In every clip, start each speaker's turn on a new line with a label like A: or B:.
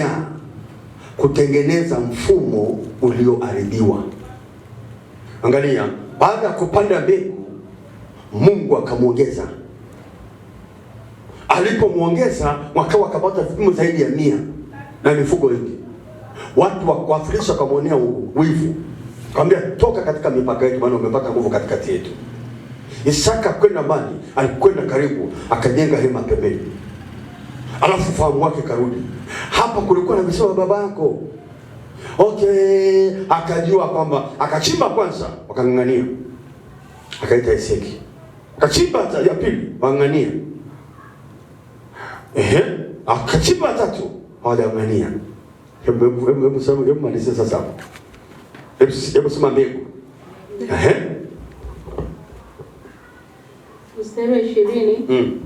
A: Ya, kutengeneza mfumo ulioaridhiwa. Angalia, baada ya kupanda mbegu Mungu akamwongeza. Alipomwongeza wakao wakapata vipimo zaidi ya mia na mifugo wengi, Watu wakuafirisha wakamwonea wivu, kwambia toka katika mipaka yetu, maana umepata nguvu katikati yetu. Isaka kwenda mbali, alikwenda karibu, akajenga hema pembeni alafu fahamu wake karudi. hapa. kulikuwa na baba yako. okay, akajua kwamba akachimba kwanza, wakang'ang'ania, akaita Eseki, akachimba ya pili, wang'ang'ania. ehe, akachimba tatu, hawajang'ang'ania. Hebu malizie sasa, hebu sema mbegu, ehe,
B: mstari wa ishirini mm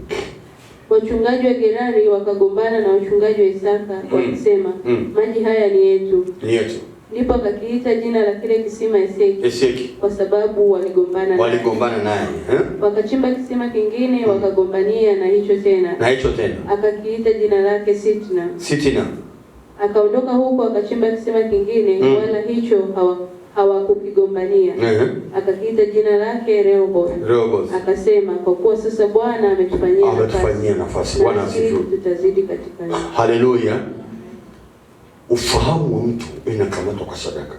B: wachungaji wa Gerari wakagombana na wachungaji wa Isaka mm. wakisema mm. maji haya ni yetu, ni yetu. Ndipo akakiita jina la kile kisima Eseki, Eseki, kwa sababu waligombana
A: waligombana naye eh?
B: Wakachimba kisima kingine mm. wakagombania na hicho tena na hicho tena, akakiita jina lake Sitna, Sitna. Akaondoka huko akachimba kisima kingine mm. wala hicho hawa hawakukigombania akakiita jina lake Rehoboth. akasema kwa kuwa sasa Bwana ametufanyia
A: ametufanyia nafasi, Bwana asifiwe,
B: tutazidi katika hilo.
A: Haleluya! Ufahamu wa mtu inakamatwa kwa sadaka.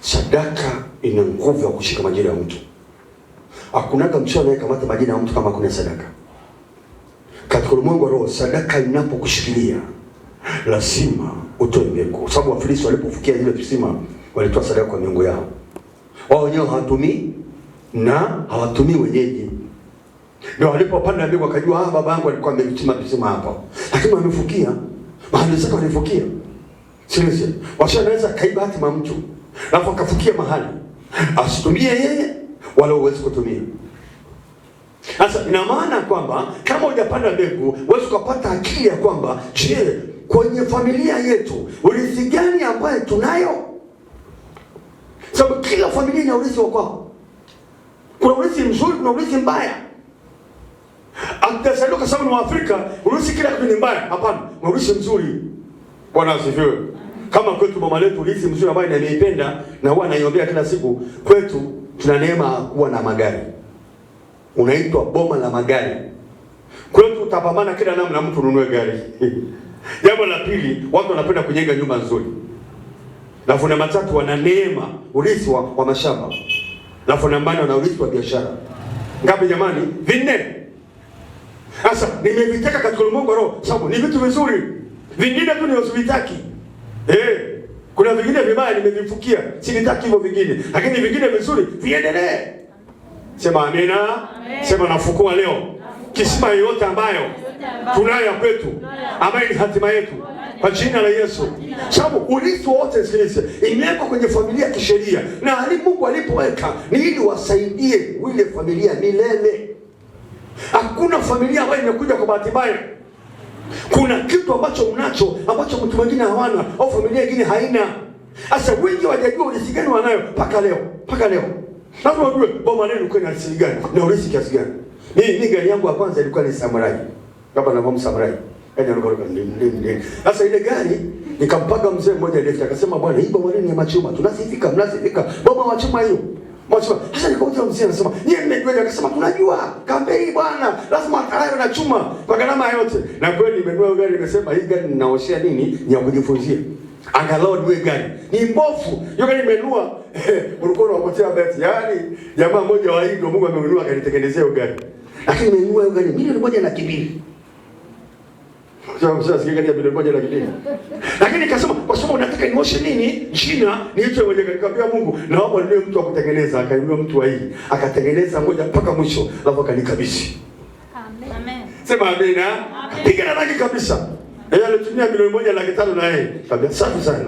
A: Sadaka ina nguvu ya kushika majina ya mtu. Hakunaga mtu anayekamata majina ya mtu kama kuna sadaka katika ulimwengu wa roho. Sadaka inapokushikilia lazima utoe mbegu, kwa sababu Wafilisti walipofikia zile visima walitoa sadaka kwa miungu yao wao wenyewe, hawatumii na hawatumii wenyeji. Ndio walipopanda mbegu wakajua, ah, baba yangu alikuwa amechimba visima hapa, lakini wamefukia mahali zake, walifukia sisi naweza kaiba hatima mtu, alafu akafukia mahali asitumie yeye wala uwezi kutumia. Sasa ina maana kwamba kama hujapanda mbegu, huwezi ukapata akili ya kwamba je kwenye familia yetu, urithi gani ambayo tunayo? Sababu kila familia ina urithi wa kwao. Kuna urithi mzuri, kuna urithi mbaya. Aktasaliwa kwa sababu ni Waafrika, urithi kila kitu ni mbaya. Hapana, na urithi mzuri. Bwana asifiwe. Kama kwetu mama letu urithi mzuri ambayo ninaipenda na huwa naiombea kila siku, kwetu tuna neema kuwa na magari, unaitwa boma la magari. Kwetu utapambana kila namna mtu ununue gari Jambo la pili, watu wanapenda kujenga nyumba nzuri. Alafu namba tatu, wana neema urithi wa, wa mashamba. Alafu namba nne, wana urithi wa biashara. Ngapi jamani? Vinne. Sasa nimevitaka katika ulimwengu roho, sababu ni vitu vizuri, vingine tu niwasivitaki eh. Kuna vingine vibaya nimevifukia, sinitaki hivyo vingine, lakini vingine vizuri viendelee. Sema amina, amina. Sema nafukua leo kisima yoyote ambayo tunayo ya kwetu ambayo ni hatima yetu kwa jina la Yesu, sababu urithi wote sikilize, imewekwa kwenye familia kisheria, na hali Mungu alipoweka ni ili wasaidie wile familia milele. Hakuna familia ambayo imekuja kwa bahati mbaya. Kuna kitu ambacho unacho ambacho mtu mwingine hawana au familia nyingine haina. Sasa wengi wajajua urithi gani wanayo mpaka leo, mpaka leo lazima wajue boma lenu kwenye urithi gani na urithi kiasi gani. Mimi gari yangu ya kwanza ilikuwa ni samurai. Gaba na mom samurai. Kaja kwa ndio ndio ndio. Sasa ile gari nikampaga mzee mmoja left akasema bwana hii bwana ni machuma. Tunasifika, mnasifika. Baba machuma hiyo. Machuma. Sasa nikaona mzee anasema, "Yeye mmejua akasema tunajua. Kambe hii bwana lazima atalayo na chuma kwa gharama yote." Na kweli nimenunua gari nikasema hii gari ninaoshia nini? Ni ya kujifunzia. Angalau niwe gari. Ni mbofu Hiyo gari nimenunua. Ulikuwa unapotea beti. yani jamaa mmoja wa Hindu Mungu amemnunua akanitengenezea gari. Lakini nimenunua gari milioni moja na kibili. Sasa kati ya bilioni moja laki mbili. Lakini kasema kwa sababu unataka nioshe nini? Jina niitwe mwenye kaambia Mungu naomba niwe mtu wa kutengeneza, akainua mtu wa hii, akatengeneza moja mpaka mwisho, alafu akanikabidhi.
B: Amen. Sema amen. Piga
A: na rangi kabisa. Yeye alitumia bilioni moja laki tano na yeye. Kabisa safi sana.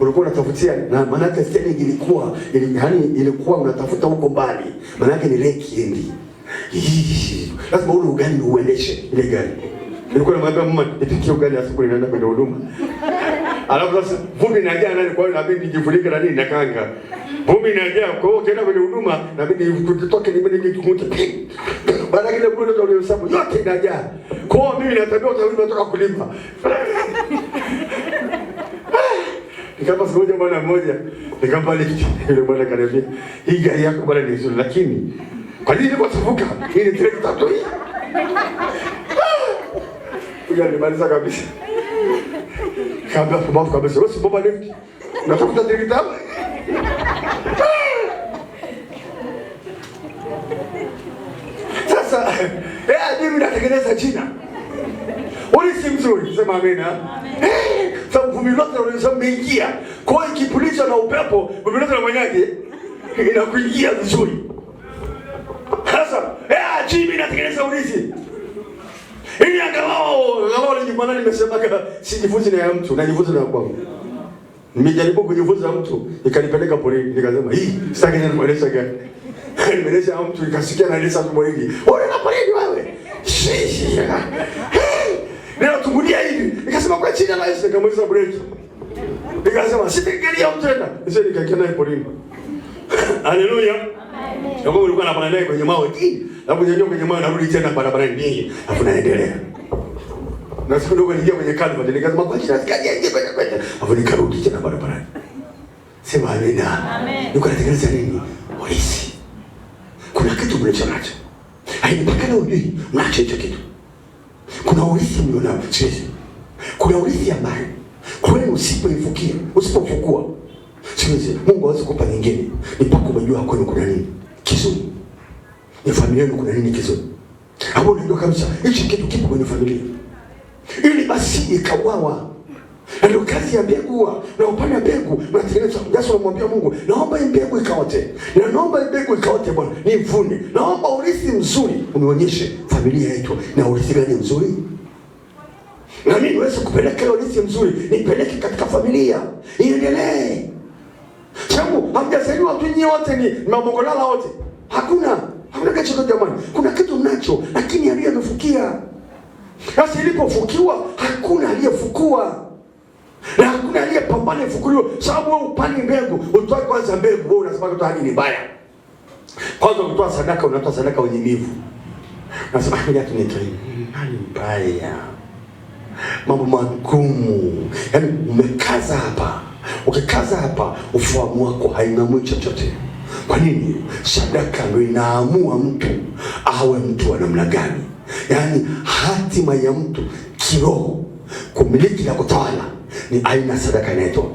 A: Ulikuwa unatafutia na maana yake stendi ilikuwa ili, yani ilikuwa unatafuta huko mbali. Maana yake ni lake endi lazima ule ugali uendeshe ile gari. Nilikuwa namwambia mama nipikie ugali asubuhi naenda kwenye huduma. Alafu sasa vumbi inajaa nani, kwa hiyo inabidi nijifunike na nini na kanga. Vumbi inajaa, kwa hiyo ukienda kwenye huduma inabidi nitoke nibe nikikumuta. Baada kile kule ndio ulihesabu yote inajaa. Kwa hiyo mimi natabia utawi natoka kulipa. Nikampa siku moja bwana mmoja, nikampa yule bwana kaniambia, hii gari yako bwana ni nzuri lakini kwa nini nilipotuvuka ili tile tatu hii? Huyo alimaliza ah! kabisa. Kabla mafu kabisa. Wewe si bomba lift. Natafuta tile ah! Sasa eh, mimi natengeneza jina. Uli si mzuri, sema amina. Eh, sababu vumbi lote unaweza mmeingia. Kwa hiyo na upepo, vumbi lote linafanyaje? Inakuingia vizuri sasa eh, jibi natengeneza urithi ili angalau angalau ni mwana nimesema kama sijifunze na mtu na jifunze na kwangu. Nimejaribu kujifunza mtu ikanipeleka polini, nikasema hii sitaki ni kueleza gani. Nimeleza mtu ikasikia na naeleza mtu mwingi. Wewe na polini wewe. Shishi. Leo tungulia hivi. Nikasema kwa chini na Yesu nikamweleza break. Nikasema sitakilia mtu tena. Sasa nikakia naye polini. Haleluya. Ndio ulikuwa unapanda naye kwenye mauti, na kunyanyua kwenye mawe narudi tena barabarani nyingi, alafu naendelea. Na siku ndogo niingia kwenye kazi, baadaye nikasema kwa nini nasikia nje kwenda kwenda. Alafu nikarudi tena barabarani. Sema amina. Amen. Niko natengeneza nini? Polisi. Kuna kitu mlicho nacho. Hainipakana ujui, mwache hicho kitu. Kuna urithi mlionao, sisi. Kuna urithi ambayo kwenu usipoifukia, usipofukua usinze. Mungu hawezi kukupa nyingine. Ni mpaka umejua kwenu kuna nini kizuri. Ni familia yenu kuna nini kizuri. Hapo unajua kabisa hichi kitu kipo kwenye familia. Ili basi ikawawa. Na ndio kazi ya mbegu na upande wa mbegu na unatengeneza ngasa, namwambia Mungu, naomba hii mbegu ikaote. Na naomba hii mbegu ikaote Bwana, nivune. Naomba urithi mzuri unionyeshe familia yetu na urithi gani mzuri? Na mimi niweze kupeleka urithi mzuri, nipeleke katika familia. Iendelee changu hamjasaidiwa watu nyinyi wote ni mabongolala wote. Hakuna hakuna kitu jamani, kuna kitu mnacho, lakini aliyefukia sasa. Ilipofukiwa hakuna aliyefukua na hakuna aliyepambana ifukuliwe, sababu wewe upani mbegu, utoe kwanza mbegu. Wewe unasema kutoa hadi ni baya, kwanza kutoa sadaka, unatoa sadaka unyimivu, unasema haya ah, tu nitoe mm, hali mbaya, mambo magumu, yaani umekaza hapa Ukikaza hapa, ufahamu wako haing'amui chochote. Kwa nini? Sadaka ndio inaamua mtu awe mtu wa namna gani, yaani hatima ya mtu kiroho, kumiliki na kutawala ni aina sadaka inayotoa.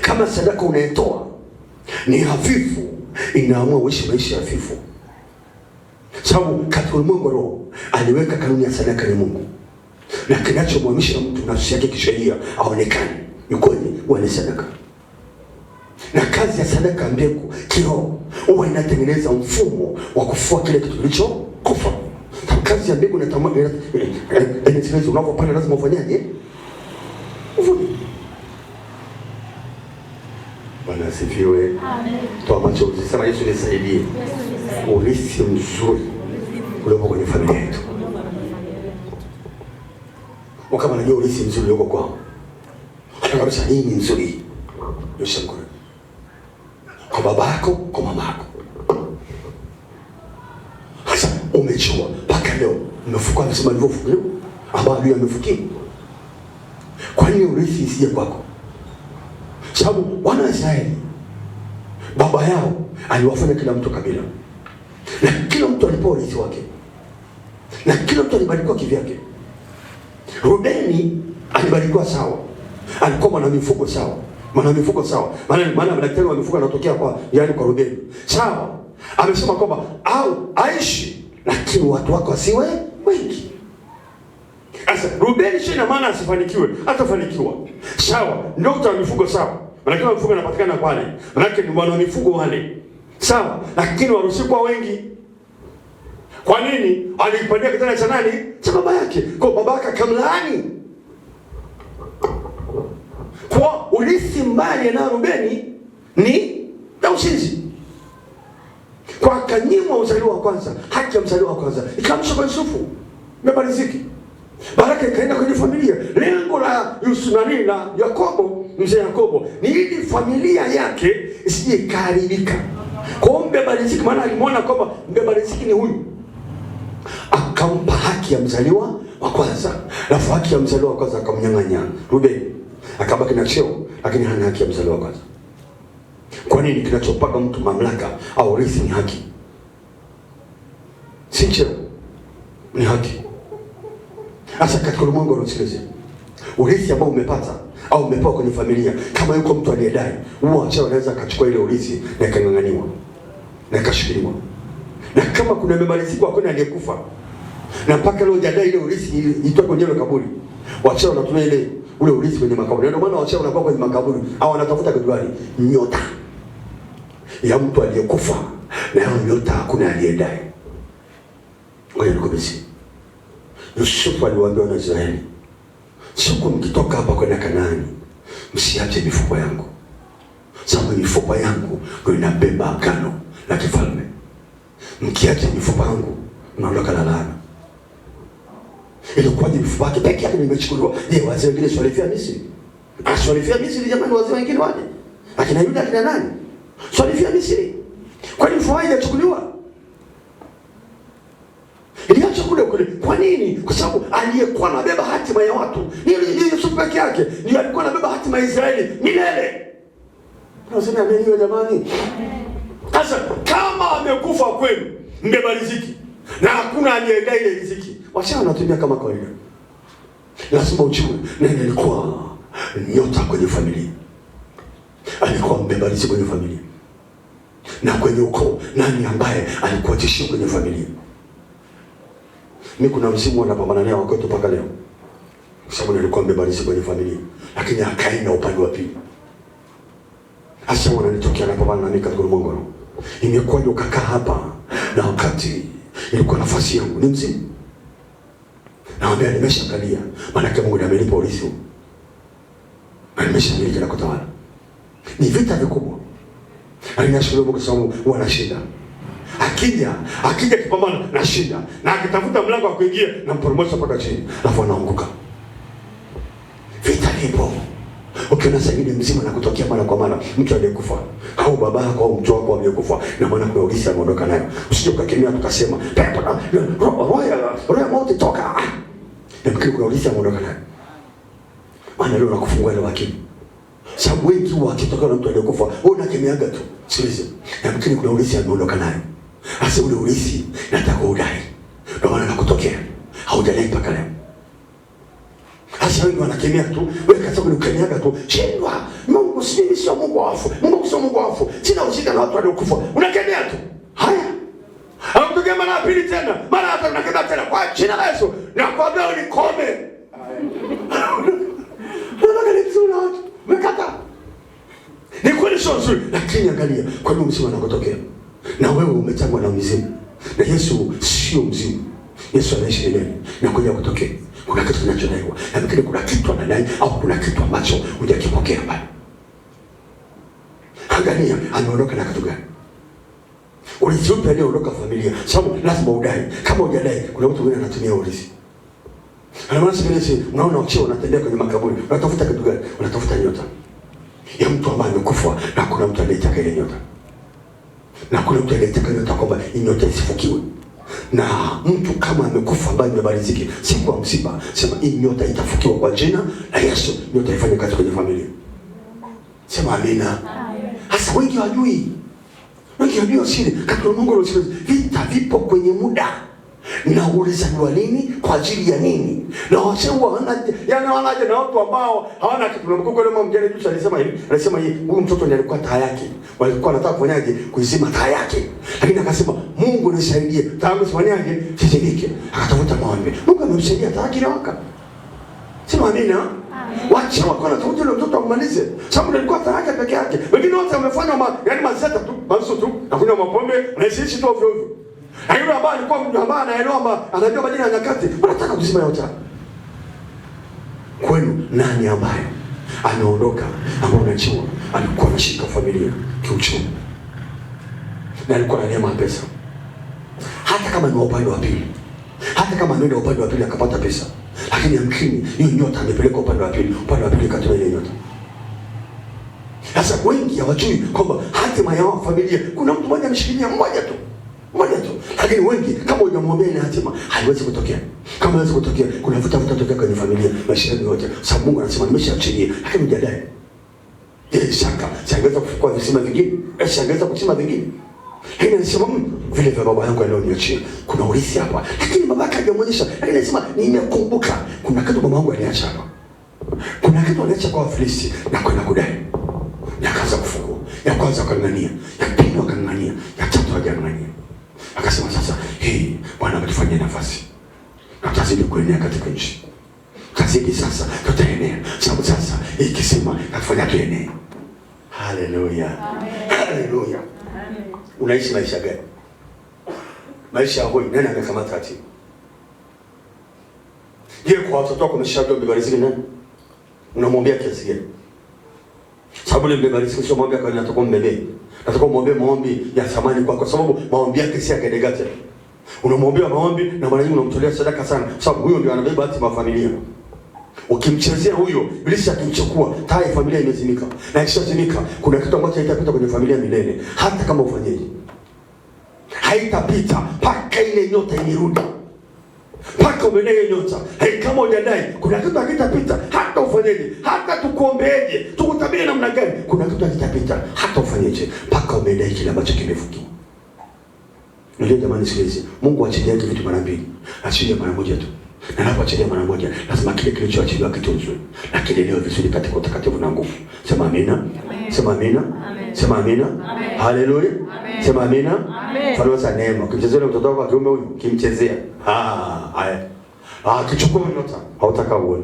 A: Kama sadaka unayotoa ni hafifu, inaamua uishi maisha hafifu, sababu katika ulimwengu roho aliweka kanuni ya sadaka ni Mungu, na kinachomwamisha mtu nafsi yake kisheria aonekane ni kweli ni sadaka na kazi ya sadaka mbegu kiroho huwa inatengeneza mfumo wa kufua kile kitu kilicho kilichokufa. Kazi ya mbegu inatengeneza, unapopanda lazima ufanyaje? Uvune. Bwana asifiwe, amen. Toa machozi, sema Yesu nisaidie, urithi mzuri uliopo kwenye familia yetu. Kama najua urithi mzuri uliopo kwao Unajua kabisa hii ni nzuri. Nyosha mkono. Kwa babako, kwa mamako. Sasa umechua mpaka leo mmefuka nasema ndivyo fukiwa ambao adui amefukia. Kwa nini urithi isije kwako? Sababu wana Israeli baba yao aliwafanya kila mtu kabila na kila mtu alipewa urithi wake na kila mtu alibarikiwa kivyake. Rubeni alibarikiwa sawa, alikuwa mwana mifugo sawa, mwana mifugo sawa, maana maana daktari wa mifugo anatokea kwa yani kwa Rubeni sawa. Amesema kwamba au aishi, lakini watu wako wasiwe wengi. Sasa Rubeni sio na maana asifanikiwe, atafanikiwa sawa, ndio mtu wa mifugo sawa, maana mifugo anapatikana pale, maana ni mwana mifugo wale sawa, lakini waruhusi kwa wengi kwa nini? Alikipandia kitanda cha nani? Cha baba yake. Kwa baba yake akamlaani kwa urithi mbali na Rubeni ni na ushindi kwa kanyimwa uzaliwa wa kwanza, haki ya mzaliwa wa kwanza ikamsha kwa Yusufu, mebariziki baraka ikaenda kwenye familia. Lengo la Yusunani na Yakobo, mzee Yakobo, ni ili familia yake isije ikaharibika. Kwa mbeba riziki, maana alimwona kwamba mbeba riziki ni huyu, akampa haki ya mzaliwa wa kwanza, alafu haki ya mzaliwa wa kwanza akamnyang'anya Rubeni akabaki na cheo, lakini hana haki ya mzaliwa kwanza. Kwa nini? Kinachopaka mtu mamlaka au urithi ni haki, si cheo, ni haki. Sasa katika ulimwengu wa urithi ambao umepata au umepewa kwenye familia, kama yuko mtu aliyedai, huwa cheo anaweza akachukua ile urithi na ikang'ang'aniwa na ikashikiliwa, na kama kuna imebarikiwa, hakuna aliyekufa na mpaka leo hujadai ile urithi itoke kwenye ile kaburi, wachao wanatumia ile ule ulizi kwenye makaburi. Ndio maana washauri wanakuwa kwenye makaburi au wanatafuta kitu gani? Nyota ya mtu aliyekufa, na hiyo nyota hakuna aliyedai. Ngoja nikwambie, Yusufu aliwaambia wana Israeli, siku mkitoka hapa kwenda Kanaani, msiache mifupa yangu, sababu mifupa yangu ndio inabeba agano la kifalme. Mkiacha mifupa yangu, mnaondoka na laana ilikuwa ni mifupa wake peke yake nimechukuliwa. Je, wazee wengine si walifia Misri? Si walifia Misri jamani, wazee wengine wale? Akina Yuda akina nani? Si walifia Misri? Kwa nini mifupa haijachukuliwa? Iliacha kule kule. Kwa nini? Kwa sababu aliyekuwa anabeba hatima ya watu ni Yusuf peke yake, ndiye alikuwa anabeba hatima ya Israeli milele. Nasema ameni jamani. Sasa kama amekufa kwenu, mgebaliziki na hakuna aliyedai ile riziki, washa wanatumia kama kawaida. Lazima uchume. na alikuwa nyota kwenye familia, alikuwa mbeba riziki kwenye familia na kwenye ukoo. Nani ambaye alikuwa tishio kwenye familia? Mi kuna msimu wanapambana naye wakwetu mpaka leo, kwa sababu nilikuwa mbeba riziki kwenye familia, lakini akaenda upande wa pili. Hasa wananitokea napambana nami katika ulimwengu, Imekuwa ukakaa hapa na wakati ilikuwa yaani nafasi yangu ni mzima. Naambia nimeshaangalia, maanake kama Mungu amenipa urithi, nimeshamiliki na kutawala. Ni vita vikubwa, alinashukuru Mungu sababu wanashinda. Akija akija kipambana na na akitafuta mlango wa kuingia na mpaka chini, alafu anaanguka. Vita vipo ukiona sajili mzima na kutokea mara kwa mara mtu aliyekufa au baba yako au mtu wako aliyekufa, na maana kuna ugisi ameondoka nayo. Usije ukakemea tukasema pepo na roho ya mauti toka, na lakini kuna ugisi ameondoka nayo. Maana leo nakufungua leo akili, sababu wengi wakitoka na mtu aliyekufa wewe unakemeaga tu, sikiliza, lakini kuna ugisi ameondoka nayo. Sasa ule ugisi nataka udai, ndio maana nakutokea, haujalei mpaka Hasa wengi wanakemea tu, wewe ni unakanyaga tu. Shindwa. Mungu si mimi sio Mungu wafu. Mungu sio Mungu wafu. Sina ushika na watu waliokufa. Unakemea tu. Haya. Au Hautokea mara pili tena. Mara hata unakemea tena kwa jina la Yesu. Na kwa Umekata. Ni kome. watu. ni kweli sio nzuri, lakini angalia kwa nini msimu anakotokea. Na wewe umechangwa na mzimu. Na Yesu sio mzimu. Yesu anaishi ndani na kuja kutokea wakati tunachodaiwa, lakini kuna kitu anadai au kuna kitu ambacho hujakipokea bado. Angalia ameondoka na kitu gani? Urithi upi aliyoondoka familia? Sababu lazima udai, kama hujadai kuna mtu mwingine anatumia urithi. Anamana sikilizi, unaona ucheo unatembea kwenye makaburi, unatafuta kitu gani? Unatafuta nyota ya mtu ambaye amekufa, na kuna mtu anayetaka ile nyota, na kuna mtu anayetaka nyota kwamba nyota isifukiwe na mtu kama amekufa bado abarizike siku ya msiba. Sema hii nyota itafukiwa kwa jina la Yesu, nyota ifanye kazi kwenye familia. Sema amina. Hasa wengi wajui, wengi wajui asili katika Mungu leo. Vita vipo kwenye muda na ulizaliwa lini, kwa ajili ya nini? Na washewa wanaje, yani wanaje na watu ambao hawana kitu. Na mkuu kule mjane Joshua alisema hivi, alisema hivi, huyu mtoto ndiye alikuwa taa yake, walikuwa wanataka kufanyaje, kuizima taa yake, lakini akasema nisaidie, tangu sifanyaje sitirike. Akatafuta maombi, Mungu amemsaidia hata kila waka. Sema amina. Wacha wako na tuje tukuja mtoto amalize. Sababu alikuwa taraka peke yake. Wengine wote wamefanya ma, yani mazeta tu, mazuto tu, hakuna mapombe, na sisi tu ovyo ovyo. Na yule ambaye alikuwa mtu ambaye anaelewa ma, anajua majina ya nyakati, anataka kuzima yote. Kwenu nani ambaye ameondoka ambaye unajua alikuwa anashika familia kiuchumi na alikuwa na neema pesa hata kama ni upande wa pili, hata kama nenda upande wa pili akapata pesa, lakini yamkini hiyo nyota amepeleka upande wa pili, upande wa pili katoa ile nyota. Sasa wengi hawajui kwamba hatima yao familia, kuna mtu mmoja ameshikilia mmoja tu mmoja tu, lakini wengi kama hujamwombea ile hatima haiwezi kutokea. Kama haiwezi kutokea, kuna vuta vuta tokea kwenye familia, maisha yenu yote, sababu Mungu anasema nimeshaachilia, lakini mjadai je, shaka siangeweza kufukua visima vingine, eh, siangeweza kuchima vingine, hii nasema Mungu mm, vile vya baba yangu alionio chini. Kuna urithi hapa, lakini baba yake hajamwonyesha, lakini anasema nimekumbuka. Kuna kitu baba yangu aliacha hapa, kuna kitu aliacha kwa Wafilisti na kwenda kudai, yakaanza kufungua, ya kwanza akang'ang'ania, ya pili akang'ang'ania, ya tatu akang'ang'ania, akasema sasa, hii Bwana ametufanyia nafasi na tutazidi kuenea katika nchi, tutazidi sasa, tutaenea sababu sasa ikisema natufanya tuenee. Haleluya, haleluya! Unaishi maisha gani? maisha ya hoi nani amekamata taratibu? Je, kwa watoto wako umeshajua umemalizika nani? Unamwambia kiasi gani? Sababu ile umemalizika sio mwambia kwa natoka mbele. Natoka muombe maombi ya thamani kwa kwa sababu maombi yake si yakadegata. Unamwombea maombi na mara nyingi unamtolea sadaka sana kwa sababu huyo ndio anabeba hati mafamilia. Ukimchezea huyo bilisi akimchukua tayari familia imezimika, na ikishazimika kuna kitu ambacho itapita kwenye familia milele, hata kama ufanyeje haitapita mpaka ile nyota irudi, mpaka umedai nyota. Hey, kama hujadai kuna kitu hakitapita, hata ufanyeje, hata tukuombeeje, tukutabiri namna gani, kuna kitu hakitapita, hata ufanyeje, mpaka umedai kile ambacho kimefukiwa. Ndio jamani, sikilizi, Mungu achilie kitu mara mbili, achilie mara moja tu na napoachilia mara moja, lazima kile kilichoachiliwa kitu nzuri na kile leo vizuri katika utakatifu na nguvu. Sema amina, sema amina, sema amina. Haleluya. Sema amina. Fanua sa neema. Kimchezea Ukimchezea mtoto wako wa kiume huyu, kimchezea. Ah, haya. Ah, kichukua nyota. Hautaka uone.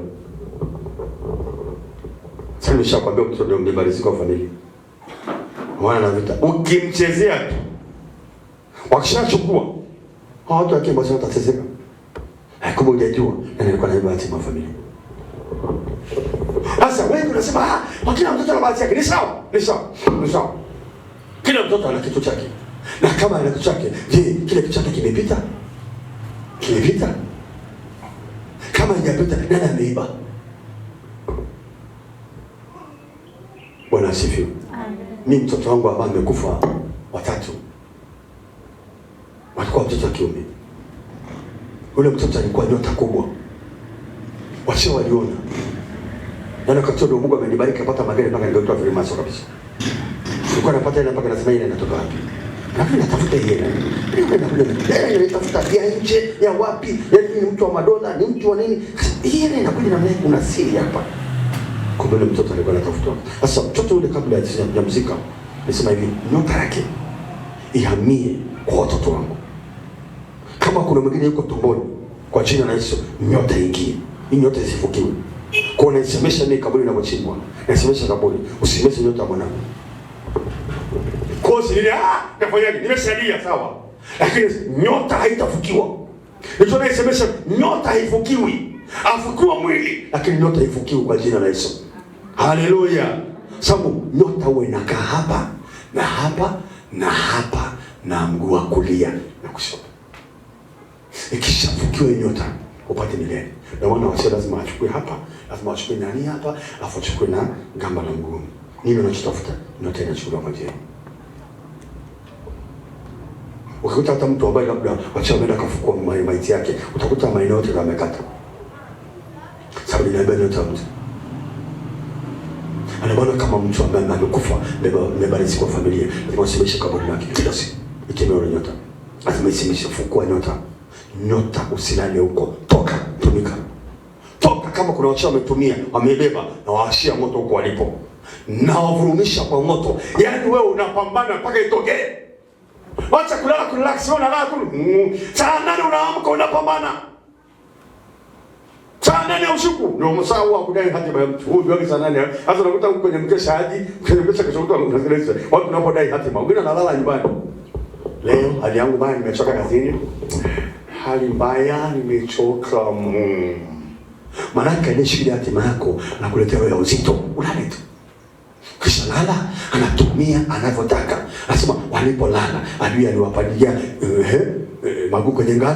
A: Sasa nimeshakwambia mtoto ndio mbarizi kwa familia. Mwana na vita. Ukimchezea tu. Wakishachukua. Hao watu wake basi watateseka. Hai eh, kumbe hujajua na nilikuwa na bahati kwa familia. Sasa wewe unasema ah, wakina mtoto ana bahati yake. Ni sawa, ni sawa, ni sawa. Kila mtoto ana kitu chake, na kama ana kitu chake, je, kile kitu chake kimepita? Kimepita? Kama hajapita, nani ameiba? Bwana asifiwe. Mi mtoto wangu ambaye amekufa watatu walikuwa mtoto wa kiume. Ule mtoto alikuwa nyota kubwa, wasio waliona, yaani wakati ule Mungu amenibariki, apata magari mpaka ndio nigeutoa vilimaso kabisa. Nilikuwa napata hela mpaka nasema hela inatoka wapi? Lakini natafuta hela. Hela inaitafuta ya nje, ya wapi? Yaani ni mtu wa madola, ni mtu wa nini? Hela inakuja namna hii kuna siri hapa. Kumbe yule mtoto alikuwa anatafutwa. Sasa mtoto yule kabla ya kujamzika, nisema hivi, nyota yake ihamie kwa watoto wangu. Kama kuna mwingine yuko tumboni kwa jina la Yesu, nyota ingie. Nyota isifukiwe. Kwa naisemesha mimi kaburi inapochimbwa. Naisemesha kaburi. Usimeshe nyota mwanangu kosi ah, nini, ah, nafanyaje? Nimesalia sawa, lakini nyota haitafukiwa. naisemesha, nyota haifukiwi, afukiwa mwili, lakini nyota haifukiwi kwa jina la Yesu. Haleluya! Sababu nyota huwa inakaa hapa na hapa na hapa na mguu wa kulia na kushoto. Ikishafukiwa nyota upate milele. wasio lazima achukue hapa, lazima achukue nani hapa, afu achukue na gamba la nini unachotafuta, unatenda chakula kwa njia. Ukikuta hata mtu ambaye labda wacha ameenda kafukua maiti yake, utakuta maeneo yote yamekata, sababu ni ibada ya mtu. Anabana kama mtu ambaye amekufa, mmebariki kwa familia, lazima usimamishe kaburi lake kila siku, ikemeo nyota, lazima isimamishe, fukua nyota, nyota usilale huko, toka, tumika, toka. Kama kuna wacha wametumia, wamebeba na waashia moto huko walipo nawavurumisha kwa moto. Yaani wewe unapambana mpaka itokee. Wacha kulala kurelax, wewe unalala tu. Mm. Saa nane unaamka unapambana. Saa nane ya usiku ndio msaa wa kudai haja ya mtu. Huyu wake saa nane. Sasa unakuta huko kwenye mkesha haji, kwenye mkesha kesho mtu anakusikiliza. Watu unapodai hatima, wengine analala nyumbani. Leo hali yangu mbaya, nimechoka kazini. Hali mbaya, nimechoka Mungu. Mm. Maanake ni shida hatima yako na kuletea wewe uzito. Ulale tu kisha lala, anatumia anavyotaka. Anasema walipolala adui aliwapandia eh, eh, magugu kwenye ngano.